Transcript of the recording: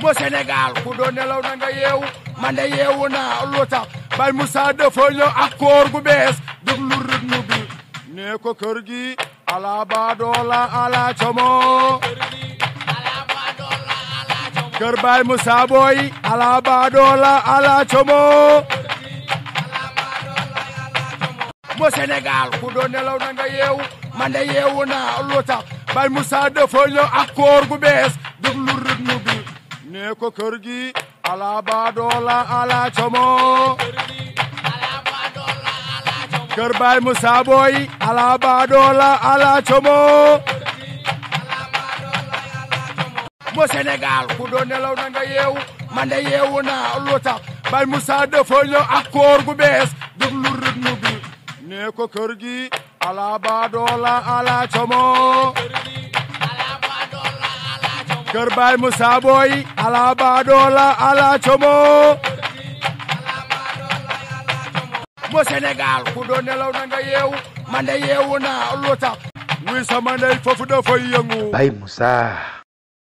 moo Sénégal ku doon nelaw na nga yeewu man yeewu naa lu tax Baye Moussa ñëw ak koor gu bees déglu rythme nee ko kër gi ala badoola ala como kër Baye Moussa boy ala badoola ala como moo Sénégal ku doon nelaw na nga yeewu man yeewu naa lu tax Baye Moussa ñëw ak koor gu bees déglu ne ko kër gi ala baadoola ala como kër baay Musa Boy ala baadoola ala como mo Sénégal ku doon nelaw na yeewu man yeewu naa lu baay Musa dafa ñëw ak gu bees déglu rythme bi ne ko kër gi ala baadoola ala como Goodbye, Musaboy. Ala Badola, Ala Chomo. Mo Senegal, ku doon nelaw na nga yeewu man de yeewu naa